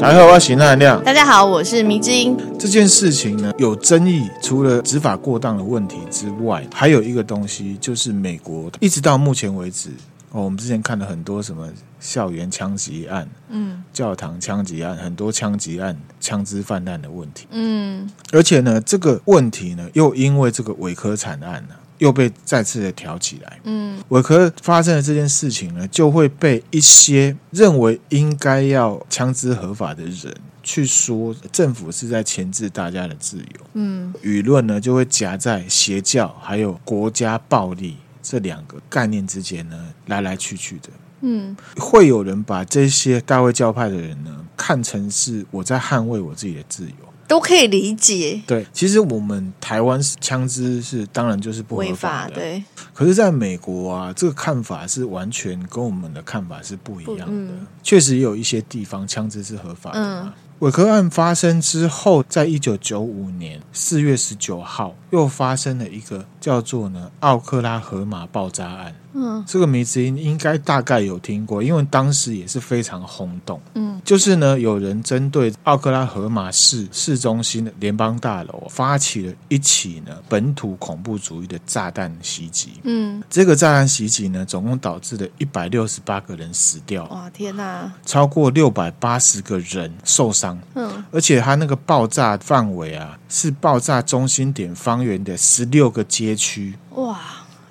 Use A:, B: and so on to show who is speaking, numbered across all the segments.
A: 大家好，我是賴漢亮。
B: 大家好，我是迷之音。
A: 這件事情呢，有爭議。除了執法過當的問題之外，還有一個東西，就是美國一直到目前為止，哦，我們之前看了很多什麼校園槍擊案，嗯，教堂槍擊案，很多槍擊案，槍支氾濫的問題，嗯。而且呢，這個問題呢，又因為這個韋科慘案呢、啊。又被再次的挑起來，嗯，韋科發生的這件事情呢，就會被一些認為應該要槍支合法的人去說政府是在鉗制大家的自由，嗯，輿論呢就會夾在邪教還有國家暴力這兩個概念之間呢來來去去的，嗯，會有人把這些大衛教派的人呢看成是我在捍衛我自己的自由。
B: 都可以理解。
A: 對，其實我們台灣是槍支是當然就是不合法的。法可是在美國啊，這個看法是完全跟我們的看法是不一樣的。確、嗯、實也有一些地方槍支是合法的。韋、嗯、科案發生之後，在一九九五年四月十九號，又發生了一個叫做呢奧克拉荷馬爆炸案。嗯，這個名字應該大概有聽過，因為當時也是非常轟動。嗯，就是呢，有人針對奧克拉荷馬市市中心的聯邦大樓發起了一起呢本土恐怖主義的炸彈襲擊。嗯，這個炸彈襲擊呢，總共導致了一百六十八個人死掉。哇，
B: 天哪！
A: 超過六百八十個人受傷。嗯，而且它那個爆炸範圍啊，是爆炸中心點方圓的十六個街區。
B: 哇！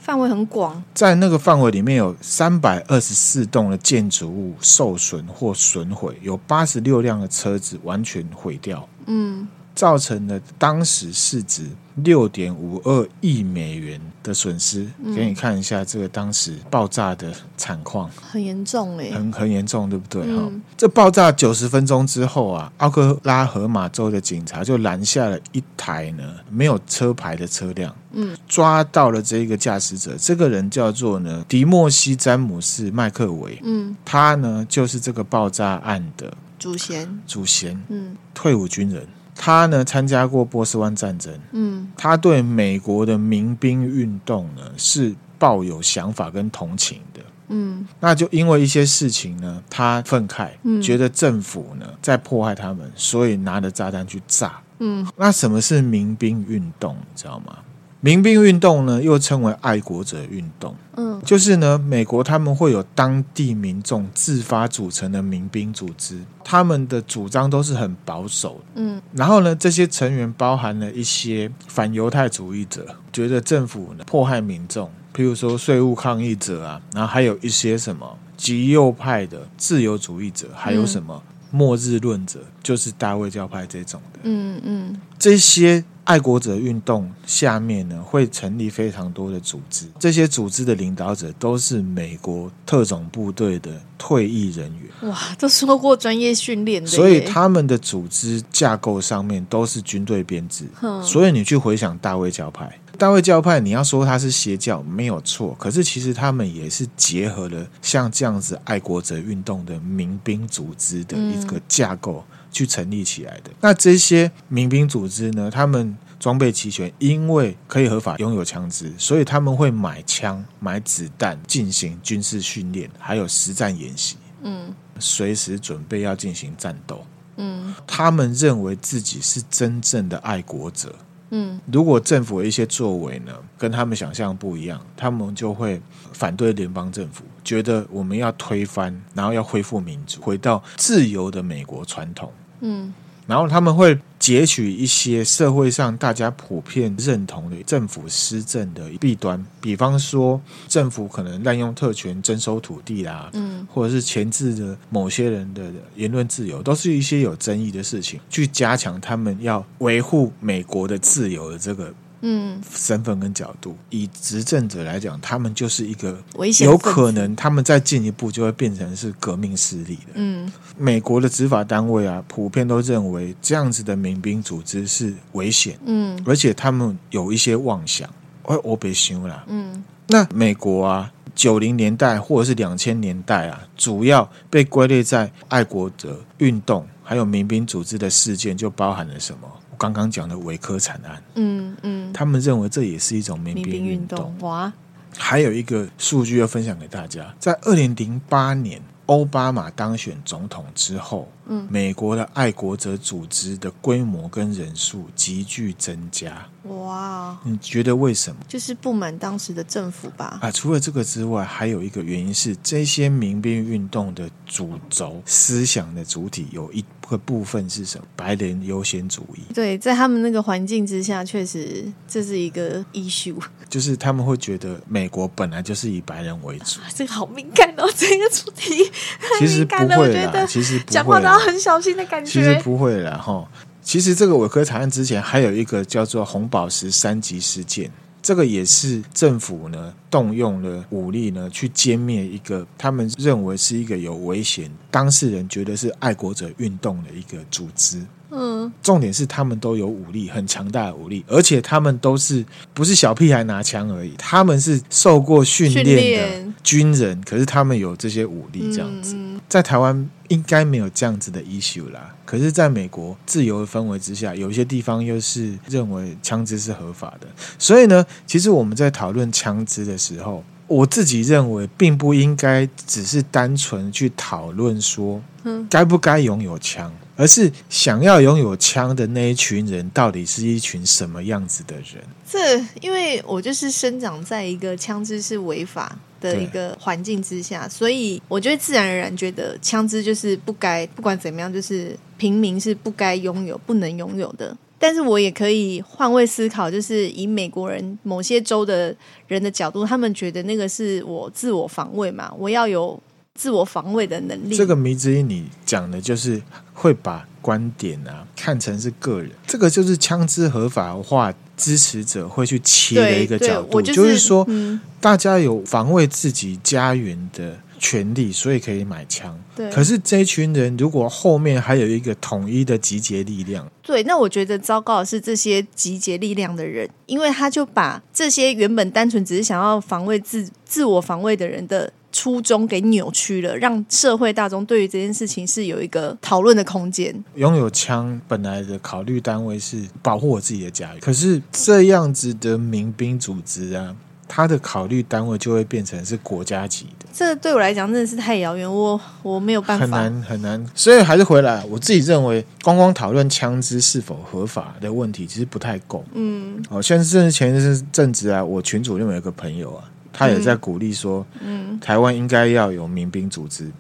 B: 範圍很廣，
A: 在那個範圍裡面有三百二十四棟的建築物受損或損毀，有八十六輛的車子完全毀掉。嗯。造成了當時市值六點五二億美元的損失。嗯、給你看一下這個當時爆炸的慘況，
B: 很嚴重哎，很很
A: 嚴重，對不對哈？嗯、這爆炸九十分鐘之後啊，奧克拉荷馬州的警察就攔下了一台呢沒有車牌的車輛，嗯，抓到了這個駕駛者，這個人叫做呢迪莫西·詹姆斯·麥克維，嗯，他呢就是這個爆炸案的主
B: 嫌祖賢 賢，主嫌，嗯，
A: 退伍軍人。他呢參加過波斯灣戰爭，嗯，他對美國的民兵運動呢是抱有想法跟同情的，嗯，那就因為一些事情呢，他憤慨，嗯，覺得政府呢在迫害他們，所以拿着炸彈去炸，嗯，那什麼是民兵運動，你知道嗎？民兵運動呢，又稱為愛國者運動。嗯，就是呢，美國他們會有當地民眾自發組成的民兵組織，他們的主張都是很保守的。嗯，然後呢，這些成員包含了一些反猶太主義者，覺得政府呢迫害民眾，譬如說稅務抗議者啊，然後還有一些什麼極右派的自由主義者，還有什麼末日論者，嗯、就是大衛教派這種的。
C: 嗯嗯，
A: 嗯這些。愛國者運動下面呢，會成立非常多的組織，這些組織的領導者都是美國特種部隊的退役人
B: 員。哇，都受過專業訓練的，所以他
A: 們的組織架構上面都是軍隊編制。哼所以你去回想大衛教派，大衛教派你要說他是邪教，沒有錯，可是其實他們也是結合了像這樣子愛國者運動的民兵組織的一個架構。嗯去成立起來的。那這些民兵組織呢，他們裝備齊全，因為可以合法擁有槍支，所以他們會買槍、買子彈，進行軍事訓練，還有實戰演習，嗯，隨時準備要進行戰鬥。嗯，他們認為自己是真正的愛國者。嗯，如果政府的一些作為呢，跟他們想象不一樣，他們就會反對聯邦政府，覺得我們要推翻，然後要恢復民主，回到自由的美國傳統。嗯。然後他們會截取一些社會上大家普遍認同的政府施政的弊端，比方說政府可能濫用特權徵收土地啦，嗯，或者是鉗制的某些人的言論自由，都是一些有爭議的事情，去加強他們要維護美國的自由的這個。嗯，身份跟角度，以執政者來講，他們就是一個
C: 危險。有可能
A: 他們再進一步就會變成是革命勢力的。嗯，美國的執法單位啊，普遍都認為這樣子的民兵組織是危險。嗯，而且他們有一些妄想。我我別想啦。嗯，那美國啊，九零年代或者是兩千年代啊，主要被歸類在愛國者運動還有民兵組織的事件，就包含了什麼？剛剛講的韋科慘案，嗯嗯，嗯他們認為這也是一種民兵運
B: 動,民兵運動
A: 哇。還有一個數據要分享給大家，在二零零八年奧巴馬當選總統之後，嗯，美國的愛國者組織的規模跟人數急劇增加
B: 哇。
A: 你覺得為什麼？
B: 就是不滿當時的政府吧。啊，
A: 除了這個之外，還有一個原因是這些民兵運動的主軸思想的主體有一。個部分是什麼？白人優先主義。
B: 對，在他們那個環境之下，確實這是一個 issue。
A: 就是他們會覺得美國本來就是以白人為主。
B: 啊、這個好敏感哦，這個主題。其實不會的，其實講話到很小心的感覺。其實不
A: 會啦，哈。其實這個韋科慘案之前還有一個叫做紅寶石三級事件。這個也是政府呢動用了武力呢去殲滅一個他們認為是一個有危險，當事人覺得是愛國者運動的一個組織。嗯，重點是他們都有武力，很強大的武力，而且他們都是不是小屁孩拿槍而已，他們是受過訓練的軍人，訓練。可是他們有這些武力這樣子。嗯在台灣應該沒有這樣子的 issue 啦，可是，在美國自由的氛圍之下，有些地方又是認為槍支是合法的。所以呢，其實我們在討論槍支的時候，我自己認為並不應該只是單純去討論說，
C: 嗯，
A: 該不該擁有槍，而是想要擁有槍的那一群人到底是一群什麼樣子的人？
B: 是因為我就是生長在一個槍支是違法。的一個環境之下，對所以我就會自然而然覺得槍支就是不該，不管怎麼樣，就是平民是不該擁有、不能擁有的。但是我也可以換位思考，就是以美國人某些州的人的角度，他們覺得那個是我自我防衛嘛，我要有自我防衛的能力。這個
A: 迷之音，你講的就是會把觀點啊看成是個人，這個就是槍支合法化。支持者會去切的一個角度，就是、就是說，嗯、大家有防衛自己家園的權利，所以可以買槍。對。可是這群人如果後面還有一個統一的集結力量，
B: 對，那我覺得糟糕的是這些集結力量的人，因為他就把這些原本單純只是想要防衛自自我防衛的人的。初衷給扭曲了，讓社會大眾對於這件事情是有一個討論的空間。
A: 擁有槍本來的考慮單位是保護我自己的家園，可是這樣子的民兵組織啊，嗯、他的考慮單位就會變成是國家級
B: 的。這對我來講真的是太遙遠，我我沒有辦法，很難
A: 很難。所以還是回來，我自己認為，光光討論槍支是否合法的問題，其實不太夠。嗯，哦，現在正是前一陣子政治啊，我群組裡面有一個朋友啊。他也在鼓勵說，嗯嗯、台灣應該要有民兵組織。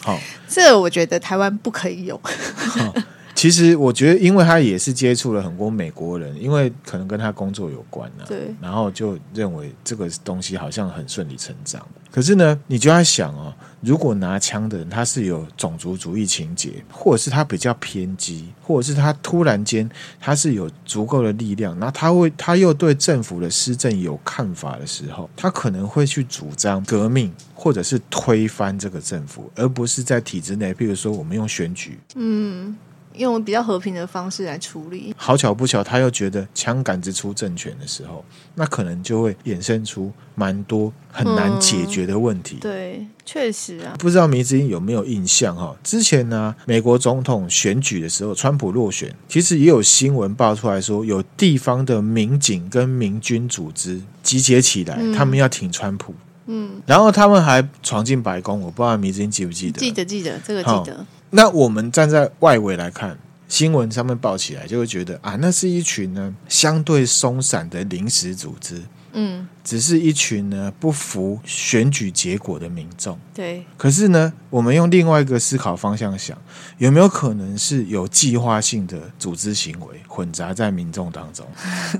A: 好，
B: 這我覺得台灣不可以有。
A: 其實我覺得，因為他也是接觸了很多美國人，因為可能跟他工作有關啊。對，然後就認為這個東西好像很順理成章。可是呢，你就要想哦，如果拿槍的人他是有種族主義情結，或者是他比較偏激，或者是他突然間他是有足夠的力量，那他會他又對政府的施政有看法的時候，他可能會去主張革命，或者是推翻這個政府，而不是在體制內，比如說我們用選舉，嗯。
B: 用比較和平的方式來處理。好
A: 巧不巧，他又覺得槍桿子出政權的時候，那可能就會衍生出蠻多很難解決的問題。嗯、對，
B: 確實
A: 啊。不知道迷之音有沒有印象哈？之前呢，美國總統選舉的時候，川普落選，其實也有新聞爆出來說，有地方的民警跟民軍組織集結起來，嗯、他們要挺川普。嗯，然後他們還闖進白宮，我不知道迷之音記不記得？記
B: 得，記得，這個記得。哦
A: 那我們站在外圍來看新聞上面報起來，就會覺得啊，那是一群呢相對鬆散的臨時組織，嗯，只是一群呢不服選舉結果的民眾。對，可是呢，我們用另外一個思考方向想，有沒有可能是有計劃性的組織行為混雜在民眾當中？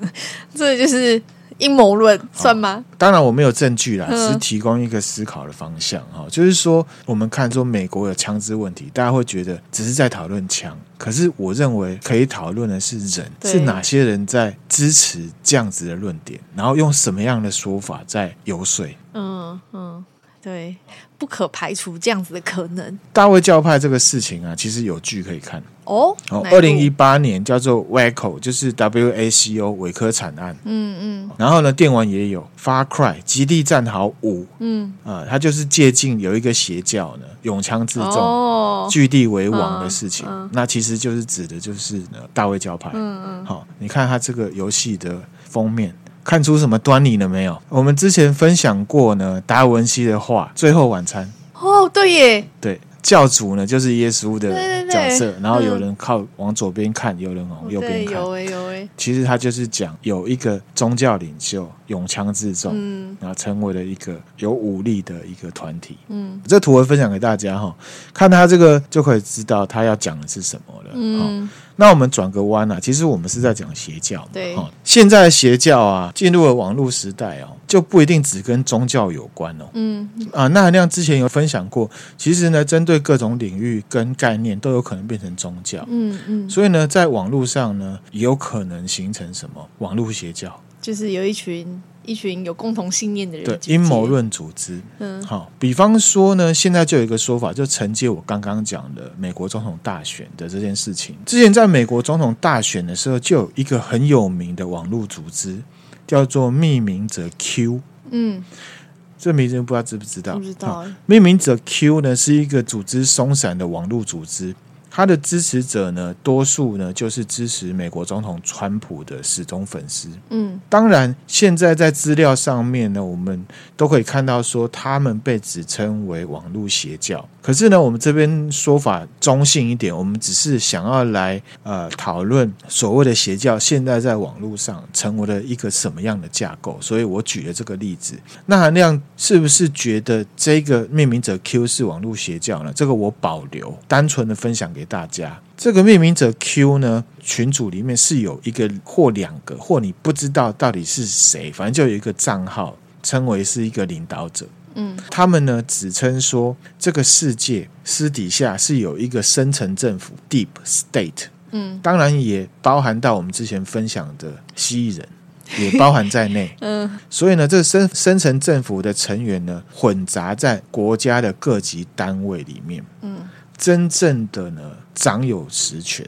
B: 這就是。陰謀論算嗎？
A: 當然，我沒有證據啦，是、嗯、提供一個思考的方向哈。就是說，我們看說美國有槍支問題，大家會覺得只是在討論槍，可是我認為可以討論的是人，對是哪些人在支持這樣子的論點，然後用什麼樣的說法在遊說。嗯嗯。
B: 嗯對，不可排除這樣子的可能。
A: 大衛教派這個事情啊，其實有劇可以看
B: 哦。哦，二零一
A: 八年叫做《Waco》，就是 W A C O 韋科慘案。嗯嗯。嗯，然後呢，電玩也有《Far Cry》《極地戰壕五》。嗯。啊、呃，它就是接近有一個邪教呢，永槍自重，據、哦、地為王的事情。嗯嗯、那其實就是指的，就是呢，大衛教派。嗯嗯。好、嗯哦，你看它這個遊戲的封面。看出什麼端倪了沒有？我們之前分享過呢，達文西的畫《最後晚餐》
C: 哦，
B: 對耶，
A: 對，教主呢，就是耶穌的。角色，對然後有人靠往左邊看，對有人往右邊看。對其實他就是講有一個宗教領袖擁槍自重，嗯、然後成為了一個有武力的一個團體。嗯，這圖文分享給大家哈，看他這個就可以知道他要講的是什麼
C: 了。嗯，
A: 那我們轉個彎啊，其實我們是在講邪教。對，現在的邪教啊，進入了網絡時代哦，就不一定只跟宗教有關哦。嗯，啊，那很像之前有分享過，其實呢，針對各種領域跟概念都有。可能變成宗教，嗯嗯，嗯，所以呢，在網絡上呢，有可能形成什麼？網絡邪教，
B: 就是有一群一群有共同信念的人，對
A: 陰謀論組織。嗯，好，比方說呢，現在就有一個說法，就承接我剛剛講的美國總統大選的這件事情。之前在美國總統大選的時候，就有一個很有名的網絡組織，叫做匿名者 Q。嗯，這名字不知道知不知道？不知道。匿名者 Q 呢，是一個組織鬆散的網絡組織。他的支持者呢，多數呢就是支持美國總統川普的死忠粉絲。嗯，當然，現在在資料上面呢，我們都可以看到說，他們被指稱為網絡邪教。可是呢，我們這邊說法中性一點，我們只是想要來呃討論所謂的邪教現在在網絡上成為了一個什麼樣的架構，所以我舉了這個例子。那韓亮是不是覺得這個匿名者 Q 是網絡邪教呢？這個我保留，單純的分享給大家。這個匿名者 Q 呢，群組裡面是有一個或兩個，或你不知道到底是誰，反正就有一個賬號稱為是一個領導者。嗯，他們呢，指稱說這個世界私底下是有一個深層政府 （Deep State）。嗯，當然也包含到我們之前分享的蜥蜴人，也包含在內。 嗯，所以呢，這個、深深層政府的成員呢，混雜在國家的各級單位裡面。嗯，真正的呢，掌有實權。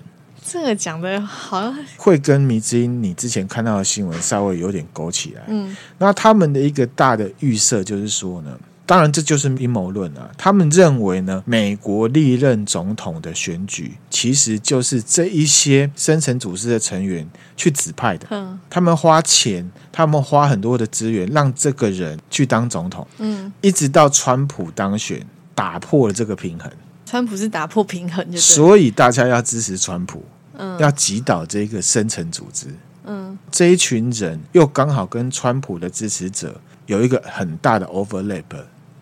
C: 這個
B: 講的好像
A: 會跟迷之音你之前看到的新聞稍微有點勾起來。嗯，那他們的一個大的預設就是說呢，當然這就是陰謀論啊。他們認為呢，美國歷任總統的選舉其實就是這一些深層組織的成員去指派的。他們花錢，他們花很多的資源讓這個人去當總統。嗯，一直到川普當選，打破了這個平衡。
B: 川普是打破平衡，就所
A: 以大家要支持川普。嗯、要擊倒這個深層組織，
C: 嗯，
A: 這一群人又剛好跟川普的支持者有一個很大的 overlap，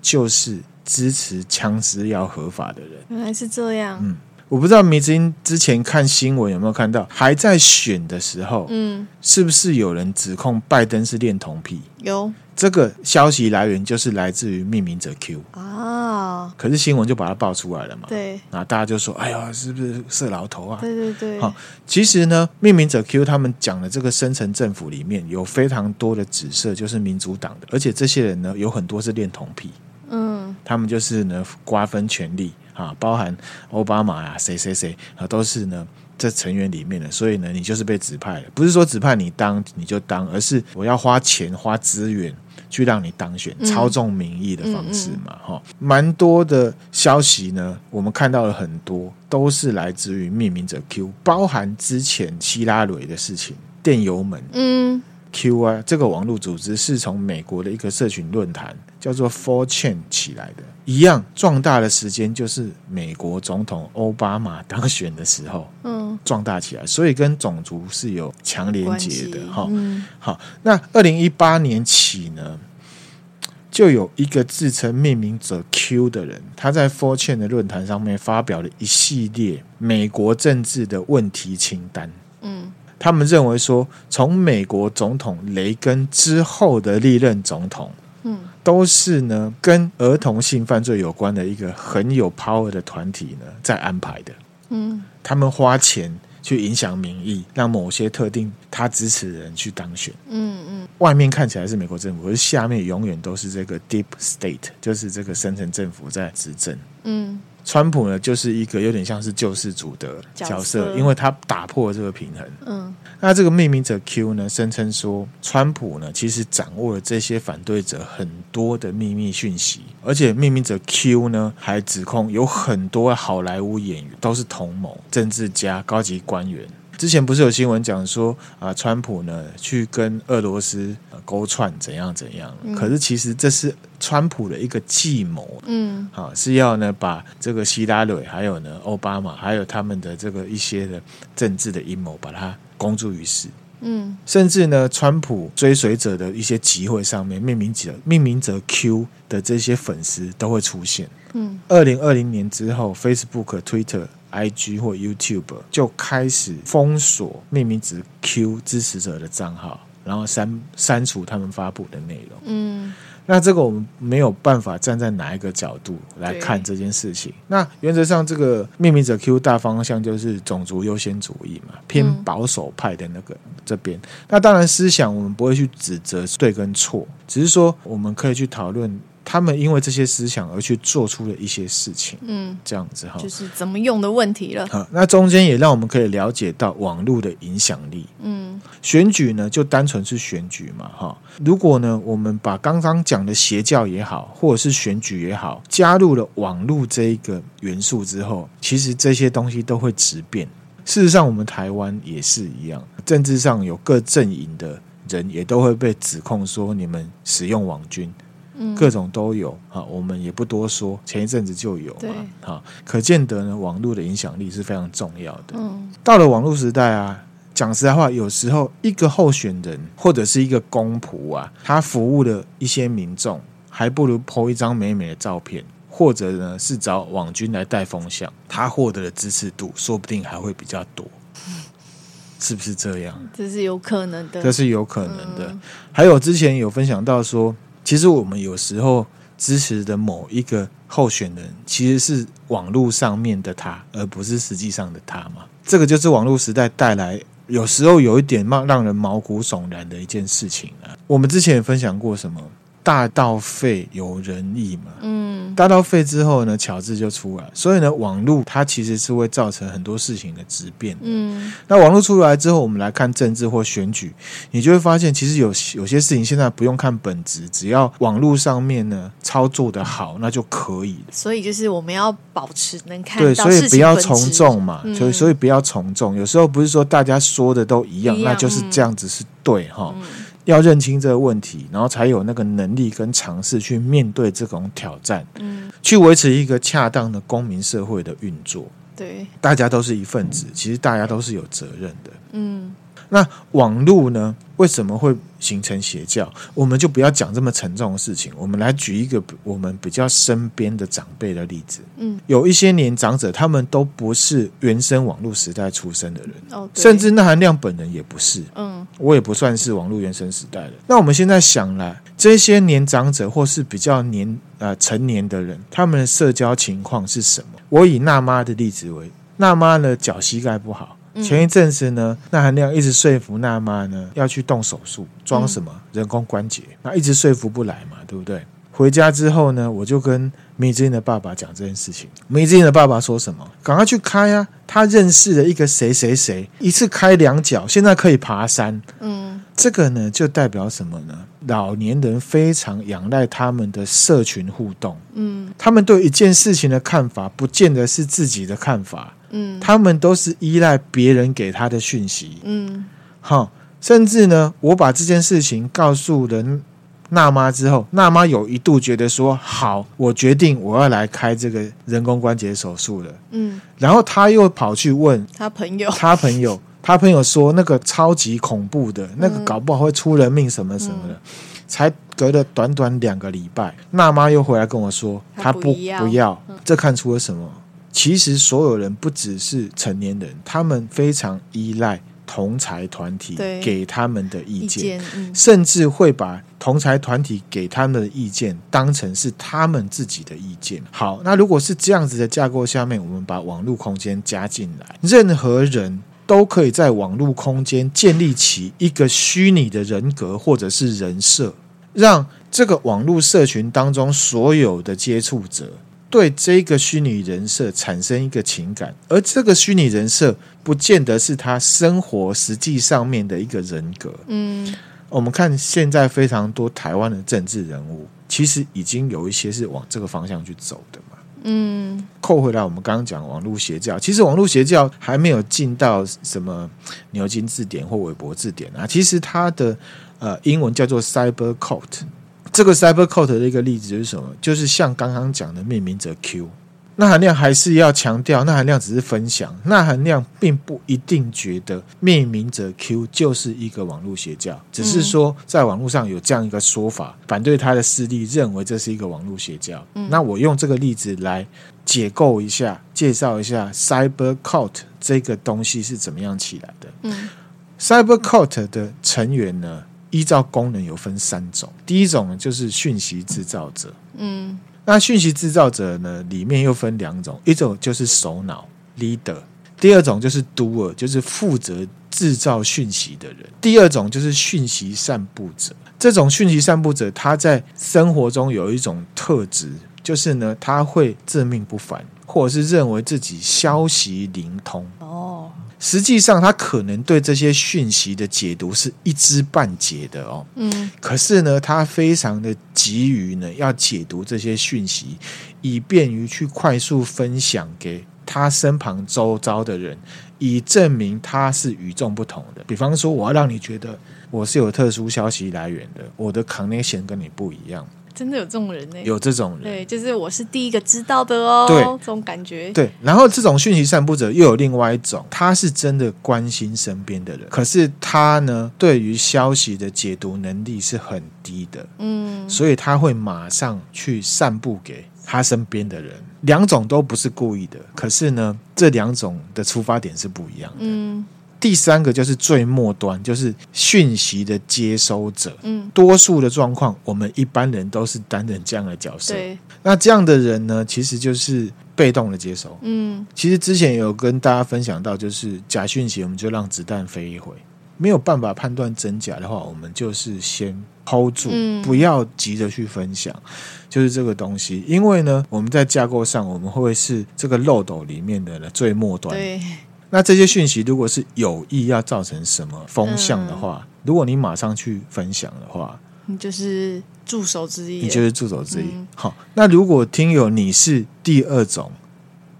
A: 就是支持槍支要合法的人。
B: 原來是這樣，
A: 嗯，我不知道米芝英之前看新聞有沒有看到，還在選的時候，嗯、是不是有人指控拜登是戀童癖？有。這個消息來源就是來自於命名者 Q 啊，
B: 可
A: 是新聞就把它爆出來了嘛。對，那大家就說：“哎呦，是不是色老頭啊？”對對對。好，其實呢，命名者 Q 他們講的這個深層政府裡面有非常多的紫色，就是民主黨的，而且這些人呢有很多是戀童癖。嗯，他們就是呢瓜分權力啊，包含奧巴馬啊，誰誰誰啊，都是呢這成員裡面的，所以呢你就是被指派了，不是說指派你當你就當，而是我要花錢花資源。去讓你當選，操縱民意的方式嘛？哈、嗯，嗯嗯、蠻多的消息呢，我們看到了很多，都是來自於匿名者 Q，包含之前希拉蕊的事情，電郵門，嗯。Q 啊，這個網絡組織是從美國的一個社群論壇叫做 4chan 起來的，一樣壯大的時間就是美國總統歐巴馬當選的時候，嗯，壯大起來，所以跟種族是有強連結的哈。好、嗯哦，那二零一八年起呢，就有一個自稱命名者 Q 的人，他在 4chan 的論壇上面發表了一系列美國政治的問題清單，嗯。他們認為說，從美國總統雷根之後的歷任總統，都是呢跟兒童性犯罪有關的一個很有 power 的團體呢在安排的，他們花錢去影響民意，讓某些特定他支持的人去當選，嗯嗯，外面看起來是美國政府，而下面永遠都是這個 deep state，就是這個深層政府在執政，嗯。川普呢，就是一個有點像是救世主的角色，角色。因為他打破了這個平衡。嗯，那這個匿名者 Q 呢，聲稱說川普呢，其實掌握了這些反對者很多的秘密訊息，而且匿名者 Q 呢，還指控有很多好萊塢演員都是同謀、政治家、高級官員。之前不是有新聞講說啊，川普呢去跟俄羅斯、啊、勾串怎樣怎樣？嗯、可是其實這是川普的一個計謀，嗯、啊，是要呢把這個希拉蕊還有呢奧巴馬還有他們的這個一些的政治的陰謀把它公諸於世，
C: 嗯，
A: 甚至呢川普追隨者的一些集會上面命名者命名者 Q 的這些粉絲都會出現，嗯，二零二零年之後 Facebook、Twitter。IG 或 YouTube 就開始封鎖匿名者 Q 支持者的賬號，然後刪刪除他們發布的內容。嗯，那這個我們沒有辦法站在哪一個角度來看這件事情。對那原則上，這個匿名者 Q 大方向就是種族優先主義嘛，偏保守派的那個這邊。嗯、那當然，思想我們不會去指責對跟錯，只是說我們可以去討論。他們因為這些思想而去做出了一些事情，嗯，這樣子哈，就是
B: 怎麼用的問題了，
A: 嗯。那中間也讓我們可以了解到網絡的影響力。嗯，選舉呢，就單純是選舉嘛，哈。如果呢，我們把剛剛講的邪教也好，或者是選舉也好，加入了網絡這一個元素之後，其實這些東西都會質變。事實上，我們台灣也是一樣，政治上有各陣營的人也都會被指控說，你們使用網軍。各種都有啊，哦，我們也不多說。前一陣子就有嘛對、哦，可見得呢，網絡的影響力是非常重要的。嗯、到了網絡時代啊，講實在話，有時候一個候選人或者是一個公僕啊，他服務了一些民眾，還不如 PO 一張美美的照片，或者呢是找網軍來帶風向，他獲得的支持度說不定還會比較多，嗯、是不是這樣？
B: 這是有可能的，這是
A: 有可能的。嗯、還有之前有分享到說。其實我們有時候支持的某一個候選人，其實是網絡上面的他，而不是實際上的他嘛。這個就是網絡時代帶來有時候有一點讓讓人毛骨悚然的一件事情啊。我們之前也分享過什麼？大道廢，有仁義嘛？嗯，大道廢之後呢，巧智就出來。所以呢，網絡它其實是會造成很多事情的質變的。
C: 嗯，
A: 那網絡出來之後，我們來看政治或選舉，你就會發現，其實有有些事情現在不用看本質，只要網絡上面呢操作得好，那就可以。
B: 所以就是我們要保持能看到對，所以不要從眾
A: 嘛。嗯、所以所以不要從眾，有時候不是說大家說的都一樣，一樣，那就是這樣子是對哈。嗯要認清這個問題，然後才有那個能力跟嘗試去面對這種挑戰，嗯，去維持一個恰當的公民社會的運作。
C: 對，
A: 大家都是一份子，嗯，其實大家都是有責任的。
C: 嗯，
A: 那網絡呢？為什麼會形成邪教？我們就不要講這麼沉重的事情。我們來舉一個我們比較身邊的長輩的例子。嗯，有一些年長者，他們都不是原生網絡時代出生的人，哦、甚至那韓亮本人也不是。嗯，我也不算是網絡原生時代的。那我們現在想來，這些年長者或是比較年啊、呃、成年的人，他們的社交情況是什麼？我以娜媽的例子為，娜媽呢腳膝蓋不好。前一陣子呢，嗯、那涵亮一直說服娜媽呢要去動手術裝什麼、嗯、人工關節，那一直說服不來嘛，對不對？回家之後呢，我就跟米志英的爸爸講這件事情。米志英的爸爸說什麼？趕快去開啊！他認識了一個誰誰誰，一次開兩腳，現在可以爬山。嗯，這個呢就代表什麼呢？老年人非常仰賴他們的社群互動。嗯，他們對一件事情的看法，不見得是自己的看法。嗯，他們都是依賴別人給他的訊息。嗯，好，甚至呢，我把這件事情告訴了娜媽之後，娜媽有一度覺得說：“好，我決定我要來開這個人工關節手術
B: 了。”
A: 嗯，然後他又跑去問他朋友，他朋友，他朋友說：“那個超級恐怖的，嗯、那個搞不好會出人命什麼什麼的。嗯”才隔了短短兩個禮拜，娜媽又回來跟我說：“他不不要。嗯”這看出了什麼？其實，所有人不只是成年人，他們非常依賴同儕團體給他們的意見，意見嗯、甚至會把同儕團體給他們的意見當成是他們自己的意見。好，那如果是這樣子的架構下面，我們把網絡空間加進來，任何人都可以在網絡空間建立起一個虛擬的人格或者是人設，讓這個網絡社群當中所有的接觸者。對這個虛擬人設產生一個情感，而這個虛擬人設不見得是他生活實際上面的一個人格。嗯，我們看現在非常多台灣的政治人物，其實已經有一些是往這個方向去走的嘛。
C: 嗯，
A: 扣回來，我們剛剛講網絡邪教，其實網絡邪教還沒有進到什麼牛津字典或韋伯字典啊。其實它的呃英文叫做 cyber cult。這個 cyber cult 的一個例子是什麼？就是像剛剛講的命名者 Q，那含量還是要強調，那含量只是分享，那含量並不一定覺得命名者 Q 就是一個網絡邪教，只是說在網絡上有這樣一個說法，嗯、反對他的勢力認為這是一個網絡邪教。嗯、那我用這個例子來解構一下，介紹一下 cyber cult 這個東西是怎麼樣起來的。嗯，cyber cult 的成員呢？依照功能有分三種，第一種就是訊息製造者，嗯，那訊息製造者呢，裡面又分兩種，一種就是首腦 leader，第二種就是 doer，就是負責製造訊息的人。第二種就是訊息散布者，這種訊息散布者他在生活中有一種特質，就是呢，他會自命不凡，或者是認為自己消息靈通。哦實際上，他可能對這些訊息的解讀是一知半解的哦。嗯，可是呢，他非常的急於呢，要解讀這些訊息，以便於去快速分享給他身旁周遭的人，以證明他是與眾不同的。比方說，我要讓你覺得我是有特殊消息來源的，我的 connection 跟你不一樣。
B: 真的有這種人呢？欸？有這種人，對，就是我是第一個知道的哦。對，
A: 這
C: 種感覺。對，
A: 然後這種訊息散布者又有另外一種，他是真的關心身邊的人，可是他呢，對於消息的解讀能力是很低的。嗯，所以他會馬上去散布給他身邊的人。兩種都不是故意的，可是呢，這兩種的出發點是不一樣的。嗯。第三個就是最末端，就是訊息的接收者。嗯，多數的狀況，我們一般人都是擔任這樣的角色。對，那這樣的人呢，其實就是被動的接收。嗯，其實之前有跟大家分享到，就是假訊息，我們就讓子彈飛一回，沒有辦法判斷真假的話，我們就是先 hold 住，嗯，不要急着去分享，就是這個東西。因為呢，我們在架構上，我們會是這個漏斗裡面的最末端。對。那這些訊息如果是有意要造成什麼風向的話，嗯、如果你馬上去分享的話，
B: 你就是助手之一，你就是助手之一。
A: 好、嗯哦，那如果聽友你是第二種，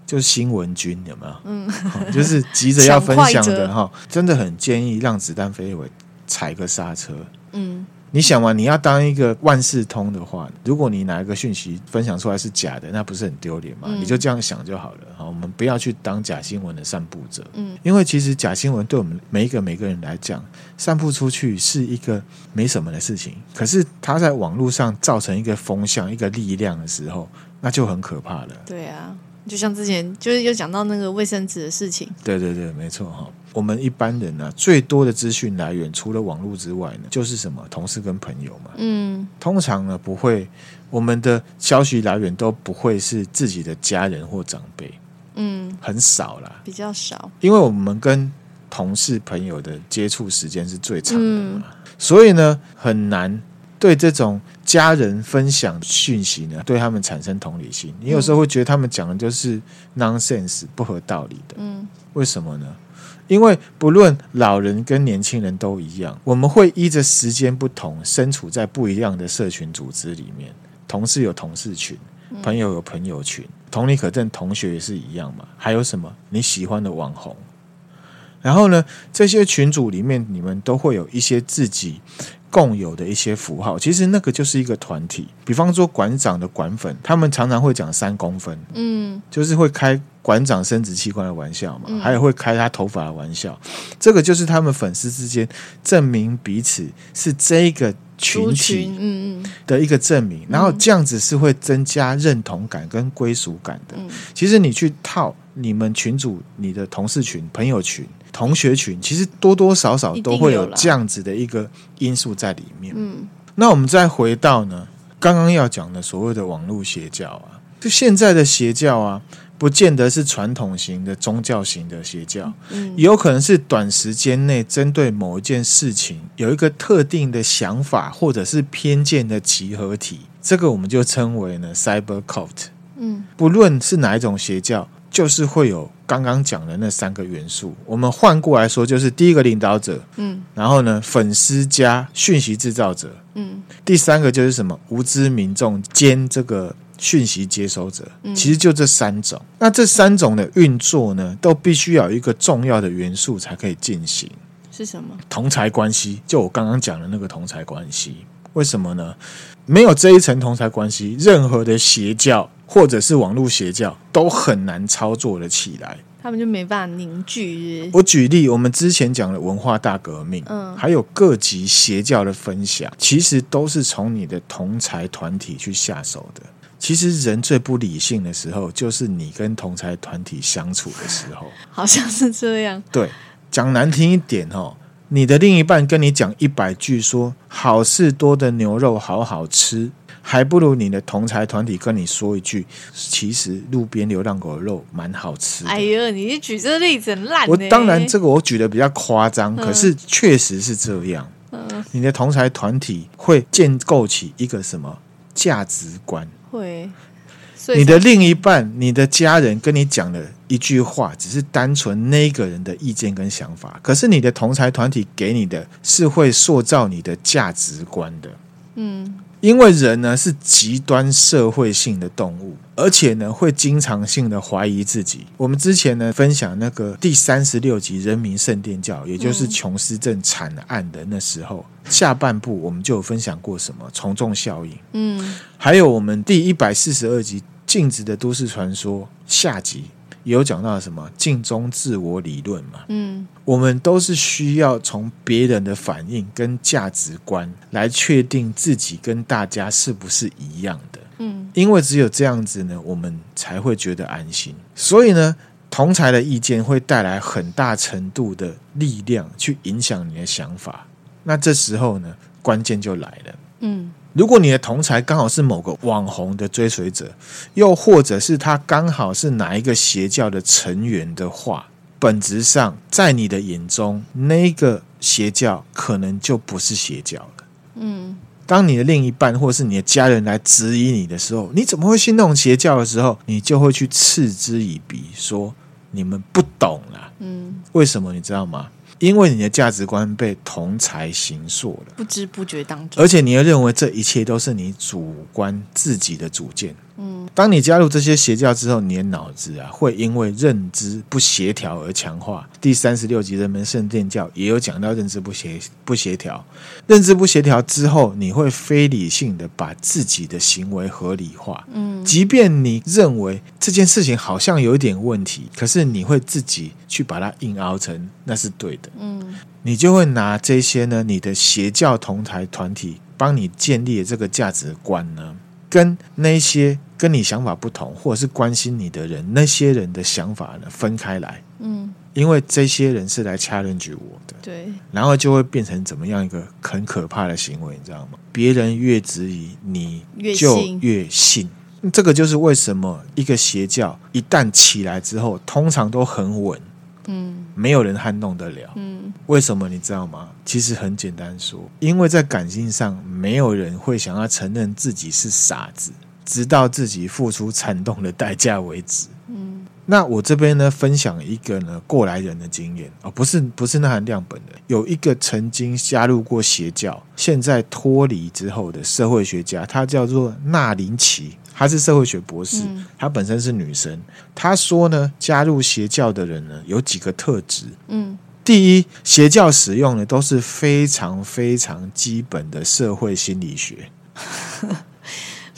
A: 就是新聞軍，有沒
C: 有？嗯、哦，就是急着要分享的哈，
A: 真的很建議讓子彈飛一會，踩個剎車。嗯。你想嘛，你要當一個萬事通的話，如果你哪一個訊息分享出來是假的，那不是很丟臉嗎？嗯，你就這樣想就好了。好，我們不要去當假新聞的散布者。嗯，因為其實假新聞對我們每一個每一個人來講，散布出去是一個沒什麼的事情，可是它在網絡上造成一個風向、一個力量的時候，那就很可怕了。對
B: 啊。就像之前，就是又講到那個衛生紙的事情，
A: 對對對，沒錯哈、哦。我們一般人呢、啊，最多的資訊來源除了網絡之外呢，就是什麼同事跟朋友嘛。嗯，通常呢不會，我們的消息來源都不會是自己的家人或長輩。
B: 嗯，
A: 很少啦，
B: 比較少，
A: 因為我們跟同事朋友的接觸時間是最長的嘛，嗯、所以呢，很難對這種。家人分享訊息呢，對他們產生同理心。你有時候會覺得他們講的就是 nonsense，不合道理
C: 的。
A: 嗯，為什麼呢？因為不論老人跟年輕人都一樣，我們會依着時間不同，身處在不一樣的社群組織裡面。同事有同事群，朋友有朋友群，嗯、同理可證，同學也是一樣嘛。還有什麼？你喜歡的網紅？然後呢，這些群組裡面，你們都會有一些自己。共有的一些符號，其實那個就是一個團體。比方說館長的館粉，他們常常會講三公分，嗯，就是會開館長生殖器官的玩笑嘛，嗯、還有會開他頭髮的玩笑。這個就是他們粉絲之間證明彼此是這一個群體，嗯嗯，的一個證明。嗯、然後這樣子是會增加認同感跟歸屬感的。嗯、其實你去套你們群組、你的同事群、朋友群。同學群其實多多少少都會有這樣子的一個因素在裡面。嗯，那我們再回到呢，剛剛要講的所謂的網路邪教啊，就現在的邪教啊，不見得是傳統型的宗教型的邪教，有可能是短時間內針對某一件事情有一個特定的想法或者是偏見的集合體。這個我們就稱為呢，cyber cult。嗯，不論是哪一種邪教，就是會有剛剛講的那三個元素，我們換過來說，就是第一個領導者，嗯，然後呢，粉絲加訊息製造者，嗯，第三個就是什麼無知民眾兼這個訊息接收者，其實就這三種。那這三種的運作呢，都必須要有一個重要的元素才可以進行，
B: 是什麼？
A: 同儕關係。就我剛剛講的那個同儕關係，為什麼呢？沒有這一層同儕關係，任何的邪教或者是網絡邪教都很難操作得起來。
B: 他們就沒辦法凝聚。我
A: 舉例，我們之前講的文化大革命，嗯，還有各級邪教的分享，其實都是從你的同儕團體去下手的。其實人最不理性的時候，就是你跟同儕團體相處的時候。
B: 好像是這樣。
A: 對，講難聽一點哦。你的另一半跟你講一百句說好市多的牛肉好好吃，還不如你的同儕團體跟你說一句，其實路邊流浪狗的肉蠻好吃。哎
B: 呦，你舉這個例子很爛。我當然這
A: 個我舉的比較誇張，可是確實是這樣。你的同儕團體會建構起一個什麼價值觀？
C: 會。你的另一
A: 半、你的家人跟你講了一句話，只是單純那個人的意見跟想法。可是你的同儕團體給你的，是會塑造你的價值觀的。嗯。因為人呢是極端社會性的動物，而且呢會經常性的懷疑自己。我們之前呢分享，那個第三十六集《人民聖殿教》，也就是瓊斯鎮慘案的那時候，嗯、下半部我們就有分享過什麼從眾效應，嗯，還有我們第一百四十二集《禁止的都市傳說》下集。也有講到什麼鏡中自我理論嘛？
C: 嗯，
A: 我們都是需要從別人的反應跟價值觀來確定自己跟大家是不是一樣的，嗯，因為只有這樣子呢，我們才會覺得安心。所以呢，同儕的意見會帶來很大程度的力量去影響你的想法。那這時候呢，關鍵就來了。嗯。如果你的同儕剛好是某個網紅的追隨者，又或者是他剛好是哪一個邪教的成員的話，本質上在你的眼中，那個邪教可能就不是邪教了。嗯，當你的另一半或是你的家人來質疑你的時候，你怎麼會信那種邪教的時候，你就會去嗤之以鼻，說你們不懂啦、啊。嗯，為什麼你知道嗎？因為你的價值觀被同儕形塑了，
B: 不知不覺當中，而且你
A: 又認為這一切都是你主觀自己的主見。嗯，當你加入這些邪教之後，你的腦子啊會因為認知不協調而強化。第三十六集《人民聖殿教》也有講到認知不協不協調，認知不協調之後，你會非理性的把自己的行為合理化。嗯，即便你認為這件事情好像有一點問題，可是你會自己去把它硬拗成那是對的。嗯，你就會拿這些呢，你的邪教同台團體幫你建立的這個價值觀呢，跟那些。跟你想法不同，或者是關心你的人，那些人的想法呢，分開來，嗯，因為這些人是來 challenge 我
B: 的，對，
A: 然後就會變成怎麼樣一個很可怕的行為，你知道嗎？別人越質疑，你就越信。越信。這個就是為什麼一個邪教一旦起來之後，通常都很穩，嗯，沒有人撼動得了，嗯，為什麼你知道嗎？其實很簡單，說因為在感情上，沒有人會想要承認自己是傻子。直到自己付出慘痛的代價為止。
C: 嗯，
A: 那我這邊呢，分享一個呢過來人的經驗啊、哦，不是不是那韓亮本人，有一個曾經加入過邪教，現在脫離之後的社會學家，他叫做納林奇，他是社會學博士，嗯、他本身是女生。他說呢，加入邪教的人呢，有幾個特質。嗯，第一，邪教使用的都是非常非常基本的社會心理學。呵呵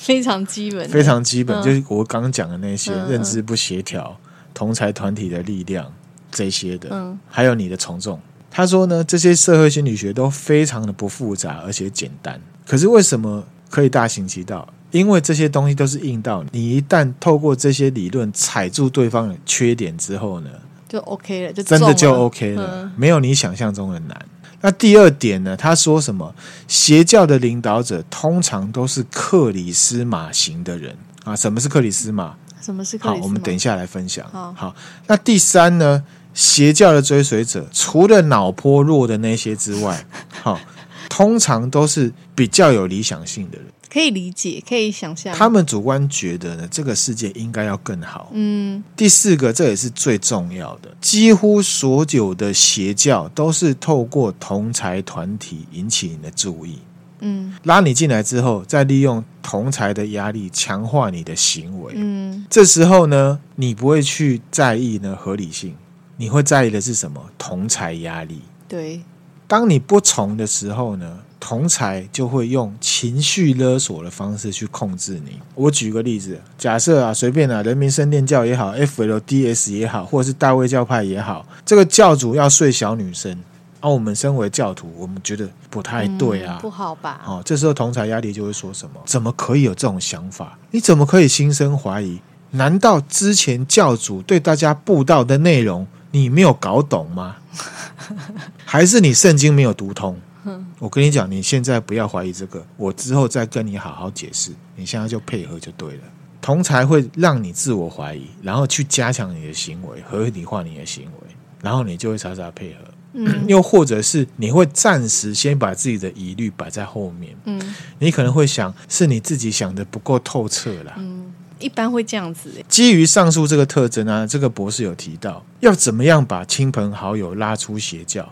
B: 非常基本，非常基本，就是
A: 我剛，剛講的那些，嗯嗯，認知不協調、同儕團體的力量這些的，嗯，還有你的從眾。他說呢，這些社會心理學都非常的不複雜，而且簡單。可是為什麼可以大行其道？因為這些東西都是硬道理。你一旦透過這些理論踩住對方的缺點之後呢，就 OK
B: 了，就了真的就 OK 了，嗯，
A: 沒有你想象中的難。那第二點呢？他說什麼？邪教的領導者通常都是克里斯馬型的人啊。什麼是克里斯馬？什
B: 麼是克里斯馬？好，我們等
A: 一下來分享。哦、好，那第三呢？邪教的追隨者除了腦波弱的那些之外，好， 通常都是比較有理想性的人。
B: 可以理解，可以想象，他
A: 們主觀覺得呢，這個世界應該要更好。嗯，第四個，這也是最重要的。幾乎所有的邪教都是透過同儕團體引起你的注意，嗯，拉你進來之後，再利用同儕的壓力強化你的行為。嗯，這時候呢，你不會去在意呢合理性，你會在意的是什麼？同儕壓力。
B: 對，
A: 當你不從的時候呢？同儕就會用情緒勒索的方式去控制你。我舉個例子，假設啊，隨便啊，人民聖殿教也好，FLDS 也好，或者是大衛教派也好，這個教主要睡小女生啊，而我們身為教徒，我們覺得不太對啊，
C: 不好吧？哦，
A: 這時候同儕壓力就會說什麼？怎麼可以有這種想法？你怎麼可以心生懷疑？難道之前教主對大家布道的內容你沒有搞懂嗎？還是你聖經沒有讀通？我跟你講，你現在不要懷疑這個，我之後再跟你好好解釋。你現在就配合就對了。同才會讓你自我懷疑，然後去加強你的行為，合理化你的行為，然後你就會傻傻配合。又、嗯、或者是你會暫時先把自己的疑慮擺在後面。嗯、你可能會想是你自己想的不夠透徹啦。
B: 嗯、一般會這樣子。
A: 基於上述這個特徵啊，這個博士有提到要怎麼樣把親朋好友拉出邪教。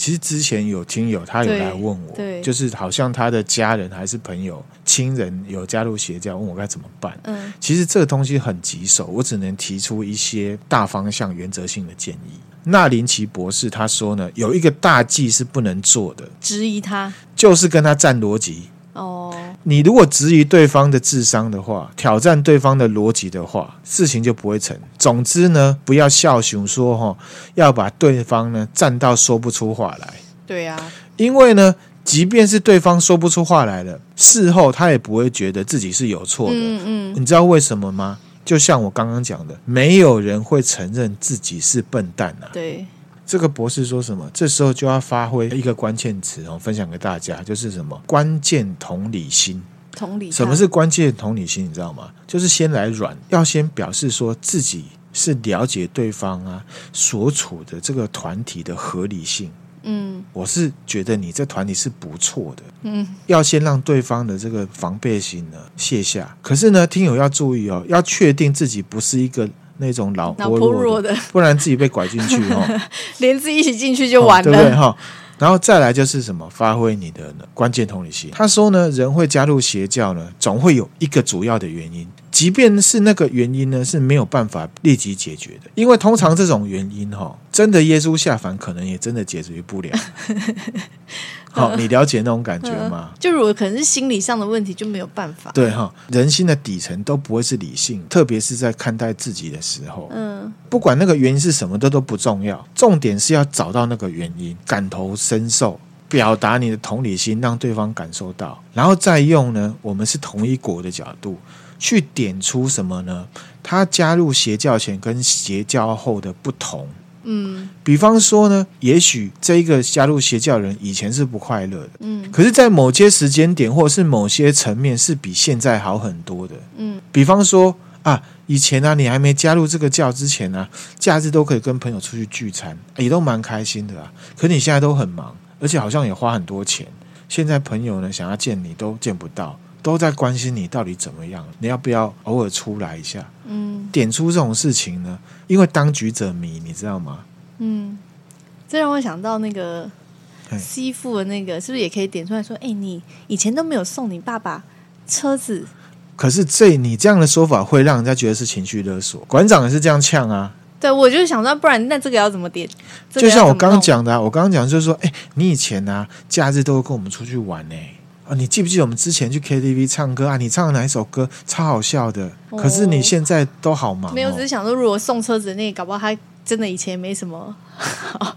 A: 其實之前有聽友，他有來問我，對，就是好像他的家人還是朋友、親人有加入邪教，問我該怎麼辦。嗯，其實這個東西很棘手，我只能提出一些大方向、原則性的建議。那林奇博士他說呢，有一個大忌是不能做的，質疑他就是跟他戰邏輯。哦，oh. 你如果質疑對方的智商的話，挑戰對方的邏輯的話，事情就不會成。總之呢，不要笑熊說要把對方呢站到說不出話來。
B: 對呀、
A: 啊，因為呢，即便是對方說不出話來了，事後他也不會覺得自己是有錯的。嗯
B: 嗯，你
A: 知道為什麼嗎？就像我剛剛講的，沒有人會承認自己是笨蛋啊。對。這個博士說什麼？這時候就要發揮一個關鍵詞哦，我分享給大家，就是什麼關鍵同理心。
B: 同理，什麼是
A: 關鍵同理心？你知道嗎？就是先來軟，要先表示說自己是了解對方啊，所處的這個團體的合理性。嗯，我是覺得你這團體是不錯的。
C: 嗯，
A: 要先讓對方的這個防備心呢卸下。可是呢，聽友要注意哦，要確定自己不是一個。那種老潑弱的，不然自己被拐進去
B: 連自己一起進去就完了，oh, 對不對？oh.
A: 然後再來就是什麼發揮你的關鍵同理心。他說呢，人會加入邪教呢，總會有一個主要的原因，即便是那個原因呢是沒有辦法立即解決的，因為通常這種原因真的耶穌下凡可能也真的解決不了。 好、哦，你了解那種感覺嗎？嗯、
B: 就如果可能是心理上的問題，就沒有辦法。對
A: 哈、哦，人心的底層都不會是理性，特別是在看待自己的時候。嗯，不管那個原因是什麼的都，都不重要，重點是要找到那個原因，感同身受，表達你的同理心，讓對方感受到，然後再用呢，我們是同一國的角度去點出什麼呢？他加入邪教前跟邪教後的不同。嗯，比方說呢，也許這一個加入邪教的人以前是不快樂的，嗯，可是，在某些時間點或是某些層面是比現在好很多的，嗯，比方說啊，以前呢、啊，你還沒加入這個教之前呢、啊，假日都可以跟朋友出去聚餐，也都蠻開心的啊，可你現在都很忙，而且好像也花很多錢，現在朋友呢想要見你都見不到。都在關心你到底怎麼樣，你要不要偶爾出來一下？嗯，點出這種事情呢，因為當局者迷，你知道嗎？嗯，
B: 這讓我想到那個吸附的那個，是不是也可以點出來說？哎嘿、欸，你以前都沒有送你爸爸車子，
A: 可是這你這樣的說法會讓人家覺得是情緒勒索。館長也是這樣嗆啊，
B: 對，我就是想說，不然那這個要怎麼點？這個、就像我剛
A: 剛講的、啊，我剛剛講就是說，哎、欸，你以前呢、啊、假日都會跟我們出去玩呢、欸。啊，你記不記得我們之前去 KTV 唱歌啊？你唱的哪一首歌超好笑的？哦、可是你現在都好忙、哦。沒有，只是
B: 想說，如果送車子、那個，那搞不好他真的以前沒什麼呵呵，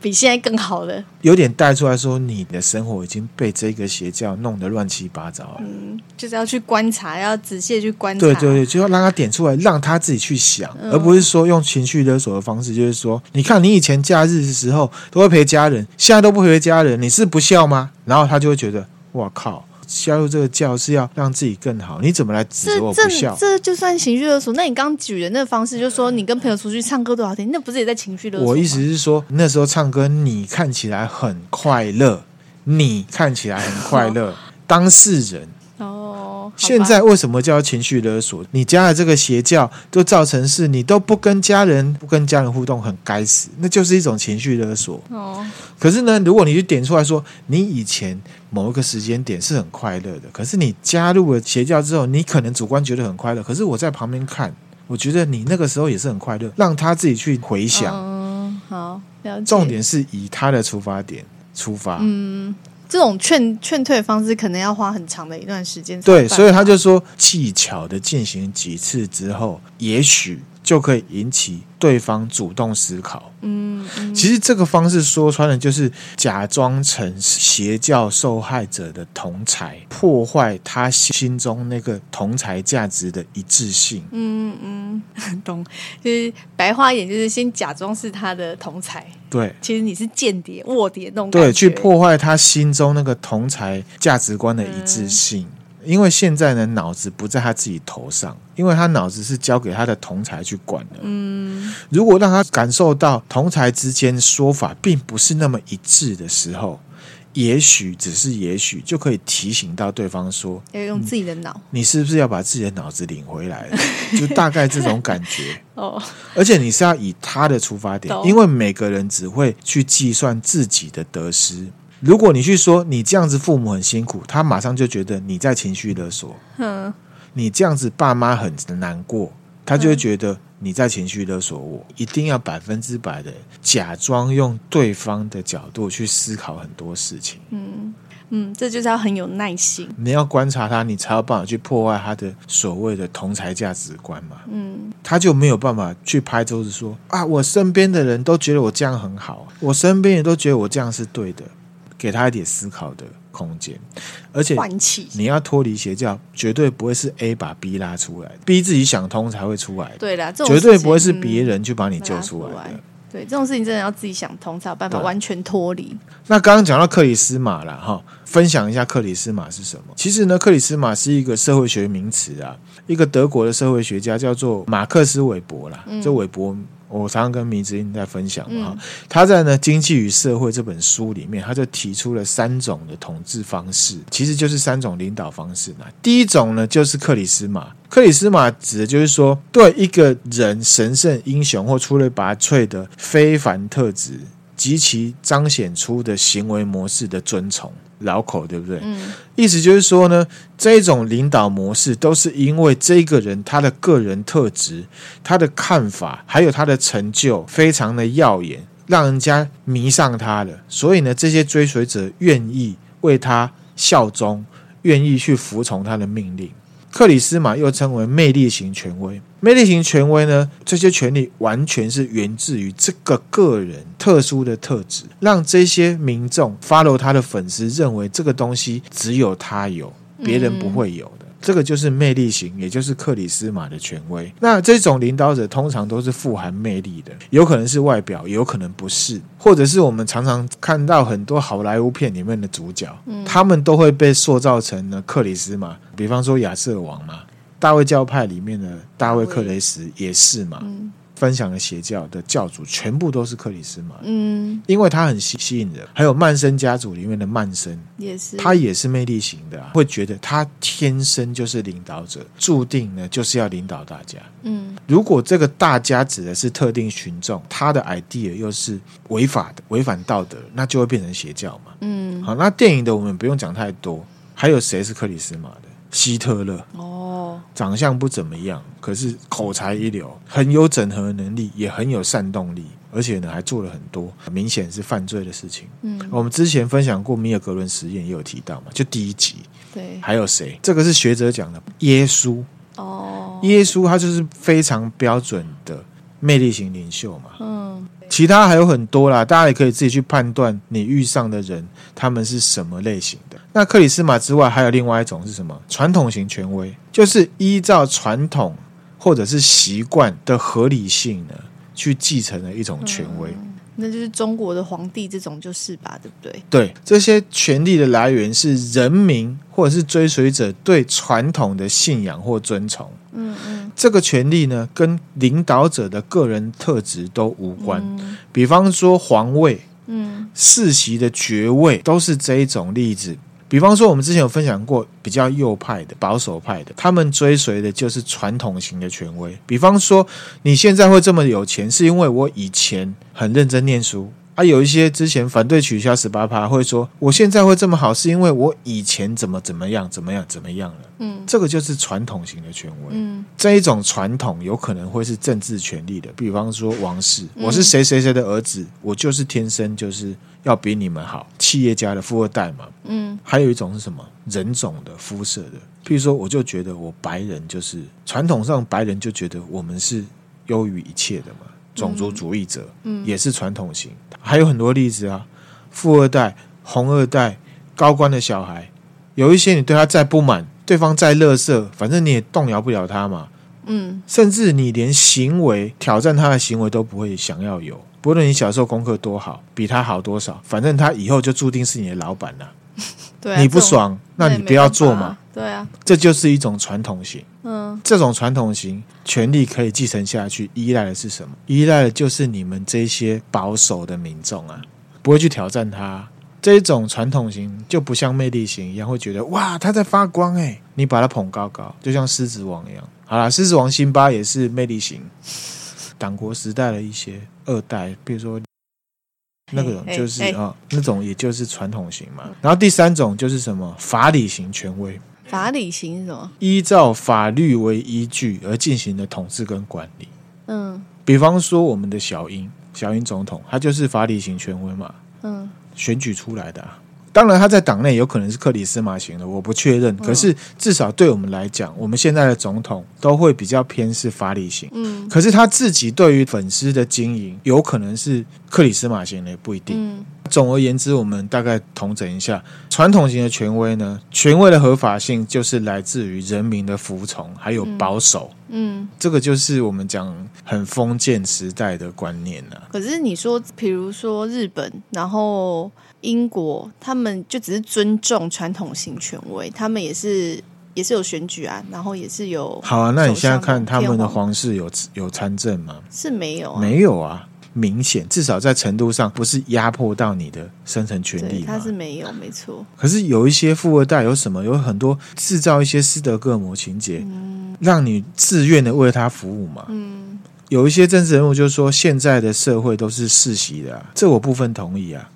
B: 比現在更好的。
A: 有點帶出來說，你的生活已經被這個邪教弄得亂七八糟了。
B: 嗯，就是要去觀察，要仔細去觀察。對對
A: 對，就要讓他點出來，讓他自己去想，嗯、而不是說用情緒勒索的方式，就是說，你看你以前假日的時候都會陪家人，現在都不陪家人，你是不孝嗎？然後他就會覺得。我靠！加入這個教是要讓自己更好，你怎麼來指我不孝？這，這，這
B: 就算情緒勒索。那你剛舉的那方式，就是說你跟朋友出去唱歌多少天，那不是也在情緒勒索？我意
A: 思是說，那時候唱歌你看起來很快樂，你看起來很快樂， 當事人哦。現在為什麼叫情緒勒索？你加了這個邪教，就造成是你都不跟家人不跟家人互動，很該死，那就是一種情緒勒索哦。可是呢，如果你去點出來說，你以前。某一個時間點是很快樂的，可是你加入了邪教之後，你可能主觀覺得很快樂，可是我在旁邊看，我覺得你那個時候也是很快樂。讓他自己去回想，嗯，
C: 好，了解。重點
A: 是以他的出發點出發。嗯，
B: 這種勸勸退的方式可能要花很長的一段時
C: 間。對，所以他就說
A: 技巧地進行幾次之後，也許。就可以引起對方主動思考。嗯，其實這個方式說穿了就是假裝成邪教受害者的同儕，破壞他心中那個同儕價值的一致性。
B: 嗯，嗯嗯，懂，就是白話一點，就是先假裝是他的同儕。對，其實你是間諜、臥底那種。對，去破
A: 壞他心中那個同儕價值觀的一致性。嗯因為現在呢，腦子不在他自己頭上，因為他腦子是交給他的同儕去管的。
C: 嗯，
A: 如果讓他感受到同儕之間說法並不是那麼一致的時候，也許只是也許就可以提醒到對方說，要
B: 用自己的腦，
A: 你是不是要把自己的腦子領回來？就大概這種感覺哦。而且你是要以他的出發點，因為每個人只會去計算自己的得失。如果你去說，你這樣子父母很辛苦，他馬上就覺得你在情緒勒索。
C: 哼
A: 呵，你這樣子爸媽很難過，他就會覺得你在情緒勒索我。一定要百分之百的假裝用對方的角度去思考很多事情。
B: 嗯嗯，這就是要很有耐心。
A: 你要觀察他，你才有辦法去破壞他的所謂的同儕價值觀嘛。
C: 嗯，
A: 他就沒有辦法去拍桌子說啊，我身邊的人都覺得我這樣很好，我身邊人都覺得我這樣是對的。給他一點思考的空間，而且你要脫離邪教，絕對不會是 A 把 B 拉出來，B 自己想通才會出來。對啦，
B: 這種絕對不會是別
A: 人去把你救出來。對，
B: 這種事情真的要自己想通才有辦法完全脫離。
A: 那剛剛講到克里斯瑪啦哈，分享一下克里斯瑪是什麼？其實呢，克里斯瑪是一個社會學名詞啊，一個德國的社會學家叫做馬克斯韋伯啦。這韋伯。我常常跟明子英在分享嘛，他在呢，《經濟與社會》這本書裡面，他就提出了三種的統治方式，其實就是三種領導方式嘛。第一種呢，就是克里斯瑪。克里斯瑪指的就是說，對一個人神聖、英雄或出類拔萃的非凡特質及其彰顯出的行為模式的遵從。老口對不對？嗯，意思就是說呢，這種領導模式都是因為這個人他的個人特質、他的看法，還有他的成就非常的耀眼，讓人家迷上他了。所以呢，這些追隨者願意為他效忠，願意去服從他的命令。克里斯瑪又稱為魅力型權威，魅力型權威呢，這些權力完全是源自於這個個人特殊的特質，讓這些民眾 follow 他的粉絲認為這個東西只有他有，別人不會有的。嗯這個就是魅力型，也就是克里斯瑪的權威。那這種領導者通常都是富含魅力的，有可能是外表，有可能不是，或者是我們常常看到很多好萊塢片裡面的主角，嗯、他們都會被塑造成克里斯瑪。比方說亞瑟王嘛，大衛教派裡面的大衛克雷斯也是嘛。嗯分享的邪教的教主全部都是克里斯瑪，嗯，因為他很吸吸引人。還有曼森家族裡面的曼森，也
C: 是他也
A: 是魅力型的啊，會覺得他天生就是領導者，注定呢就是要領導大家。嗯，如果這個大家指的是特定群眾，他的 idea 又是違法的、違反道德，那就會變成邪教嘛。嗯，好，那電影的我們不用講太多，還有誰是克里斯瑪的？希特勒哦，長相不怎麼樣，可是口才一流，很有整合能力，也很有煽動力，而且呢還做了很多明顯是犯罪的事情。嗯，我們之前分享過米爾格倫實驗，也有提到嘛，就第一集。
C: 對，還
A: 有誰？這個是學者講的，耶穌哦，耶穌他就是非常標準的。魅力型領袖嘛，嗯，其他還有很多啦，大家也可以自己去判斷你遇上的人他們是什麼類型的。那克里斯瑪之外，還有另外一種是什麼？傳統型權威，就是依照傳統或者是習慣的合理性呢，去繼承的一種權威。嗯
B: 那就是中國的皇帝，這種就是吧，
A: 對不對？對，這些權力的來源是人民或者是追隨者對傳統的信仰或尊崇。嗯
C: 嗯，嗯，
A: 這個權力呢，跟領導者的個人特質都無關。嗯，比方說皇位，嗯，世襲的爵位都是這一種例子。比方說，我們之前有分享過比較右派的保守派的，他們追隨的就是傳統型的權威。比方說，你現在會這麼有錢，是因為我以前很認真念書啊。有一些之前反對取消十八趴，會說我現在會這麼好，是因為我以前怎麼怎麼樣怎麼樣怎麼樣了。嗯，這個就是傳統型的權威。嗯，這一種傳統有可能會是政治權力的。比方說，王室，我是誰誰誰的兒子，嗯、我就是天生就是要比你們好，企業家的富二代嘛，嗯，還有一種是什麼人種的膚色的，譬如說，我就覺得我白人就是傳統上白人就覺得我們是優於一切的嘛，嗯、種族主義者，嗯，也是傳統型，還有很多例子啊，富二代、紅二代、高官的小孩，有一些你對他再不滿，對方再樂色，反正你也動搖不了他嘛，嗯，甚至你連行為挑戰他的行為都不會想要有。不論你小時候功課多好，比他好多少，反正他以後就注定是你的老闆了。對、啊，你不爽，那你不要做嘛。對啊，
C: 對啊，
A: 這就是一種傳統型。嗯，這種傳統型權力可以繼承下去，依賴的是什麼？依賴的就是你們這些保守的民眾啊，不會去挑戰他。這種傳統型就不像魅力型一樣，會覺得哇，他在發光誒、欸。你把他捧高高，就像獅子王一樣。好啦，獅子王辛巴也是魅力型。黨國時代的一些。二代，比如說那個就是啊、欸欸欸哦，那種也就是傳統型嘛。然後第三種就是什麼法理型權威。
B: 法理型是什麼？
A: 依照法律為依據而進行的統治跟管理。嗯，比方說我們的小英，小英總統，他就是法理型權威嘛。
C: 嗯，
A: 選舉出來的、啊。當然，他在黨內有可能是克里斯馬型的，我不確認。可是至少對我們來講，我們現在的總統都會比較偏是法理型。嗯，可是他自己對於粉絲的經營，有可能是克里斯馬型的，也不一定。嗯總而言之，我們大概統整一下傳統型的權威呢，權威的合法性就是來自於人民的服從，還有保守。嗯，嗯，這個就是我們講很封建時代的觀念了啊。
B: 可是你說，譬如說日本，然後英國，他們就只是尊重傳統型權威，他們也是也是有選舉啊，然後也是有。好啊，那你現在看他們的皇
A: 室有有參政嗎？
B: 是沒有，沒有
A: 啊。明顯，至少在程度上不是壓迫到你的生存權利嘛。他是
B: 沒有，沒錯。
A: 可是有一些富二代有什麼？有很多製造一些斯德哥爾摩情結，嗯、讓你自願的為他服務嘛。嗯，有一些政治人物就說，現在的社會都是世襲的啊，這我部分同意啊。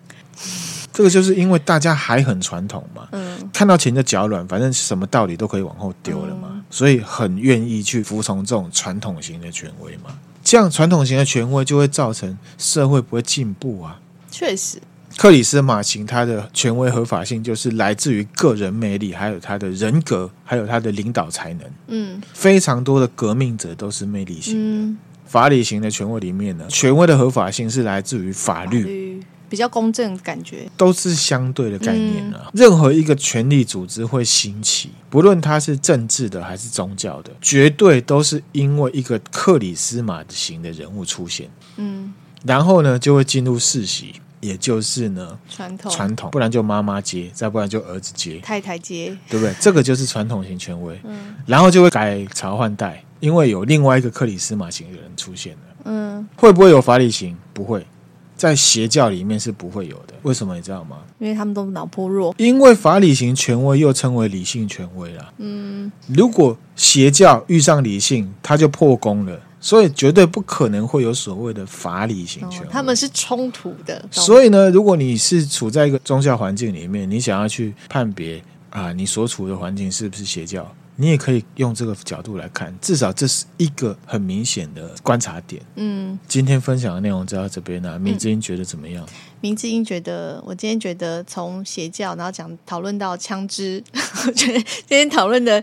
A: 嗯、這個就是因為大家還很傳統嘛，嗯、看到錢就腳軟，反正什麼道理都可以往後丟了嘛，嗯、所以很願意去服從這種傳統型的權威嘛。這樣傳統型的權威就會造成社會不會進步啊！確確實，克里斯馬型他的權威合法性就是來自於個人魅力，還有他的人格，還有他的領導才能。嗯，非常多的革命者都是魅力型
C: 的。
A: 嗯、法理型的權威裡面呢，權威的合法性是來自於法律。
B: 比較公正，感覺
A: 都是相對的概念啊。嗯，任何一個權力組織會興起，不論它是政治的還是宗教的，絕對都是因為一個克里斯馬型的人物出現。嗯，然後呢，就會進入世襲，也就是呢傳統傳統，不然就媽媽接，再不然就兒子接，太
B: 太接，
A: 對不對？這個就是傳統型權威。嗯，然後就會改朝換代，因為有另外一個克里斯馬型的人出現
C: 了。
A: 嗯，會不會有法理型？不會。在邪教裡面是不會有的，為什麼？你知道嗎？因
B: 為他們都腦波弱，
A: 因為法理型權威又稱為理性權威啦。嗯，如果邪教遇上理性，它就破功了，所以絕對不可能會有所謂的法理型權威。
B: 哦，他們是衝突的，所
A: 以呢，如果你是處在一個宗教環境裡面，你想要去判別啊、呃，你所處的環境是不是邪教？你也可以用這個角度來看，至少這是一個很明顯的觀察點。嗯，今天分享的內容就到這邊了、啊。明志英覺得怎麼樣？嗯、
B: 明志英覺得，我今天覺得從邪教，然後講討論到槍支，我覺得今天討論的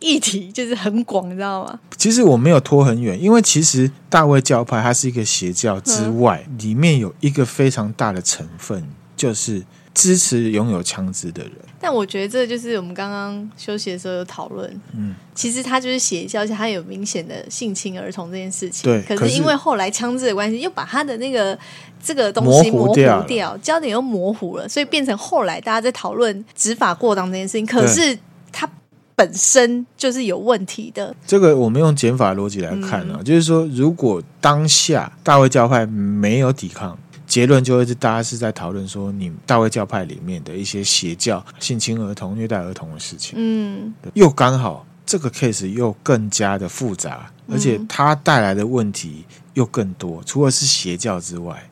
B: 議題就是很廣，你知道嗎？
A: 其實我沒有拖很遠，因為其實大衛教派它是一個邪教之外，嗯、裡面有一個非常大的成分，就是，支持擁有槍支的人，
B: 但我覺得這就是我們剛剛休息的時候有討論。嗯，其實他就是邪教，他有明顯的性侵兒童這件事情。對，可是因為後來槍支的關係，又把他的那個這個東西模糊掉，糊掉焦點又模糊了，所以變成後來大家在討論執法過當這件事情。對可是他本身就是有問題的。
A: 這個我們用減法邏輯來看呢、啊，嗯、就是說，如果當下大衛教派沒有抵抗。結論就是，大家是在討論說，你大衛教派裡面的一些邪教性侵兒童、虐待兒童的事情。嗯，又剛好這個 case 又更加的複雜，嗯、而且它帶來的問題又更多。除了是邪教之外，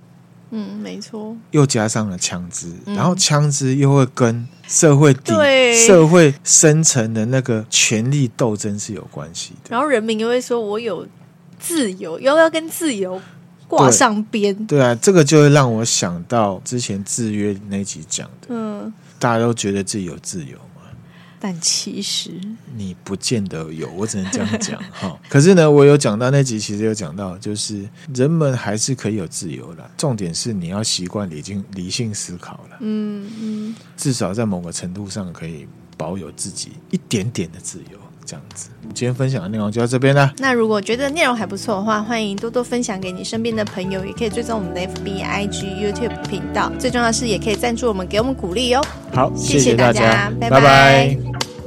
A: 嗯，
B: 沒錯，
A: 又加上了槍支，嗯、然後槍支又會跟社會底、對社會深層的那個權力鬥爭是有關係
B: 的。然後人民又會說：“我有自由，要不要跟自由？”掛上邊，對，
A: 對啊，這個就會讓我想到之前制約那集講
B: 的，嗯、
A: 呃，大家都覺得自己有自由嘛，
B: 但其實
A: 你不見得有，我只能這樣講哈。 可是呢，我有講到那集，其實有講到，就是人們還是可以有自由的，重點是你要習慣理性理性思考
C: 了、嗯，嗯
A: 嗯，至少在某個程度上可以保有自己一點點的自由。這樣子，今天分享的內容就到這邊啦。
B: 那如果覺得內容還不錯的話，歡迎多多分享給你身邊的朋友，也可以追蹤我們的 FB、IG、YouTube 頻道。最重要的是，也可以贊助我們，給我們鼓勵哦。好，
A: 謝謝大家，謝謝大家，拜拜。拜拜。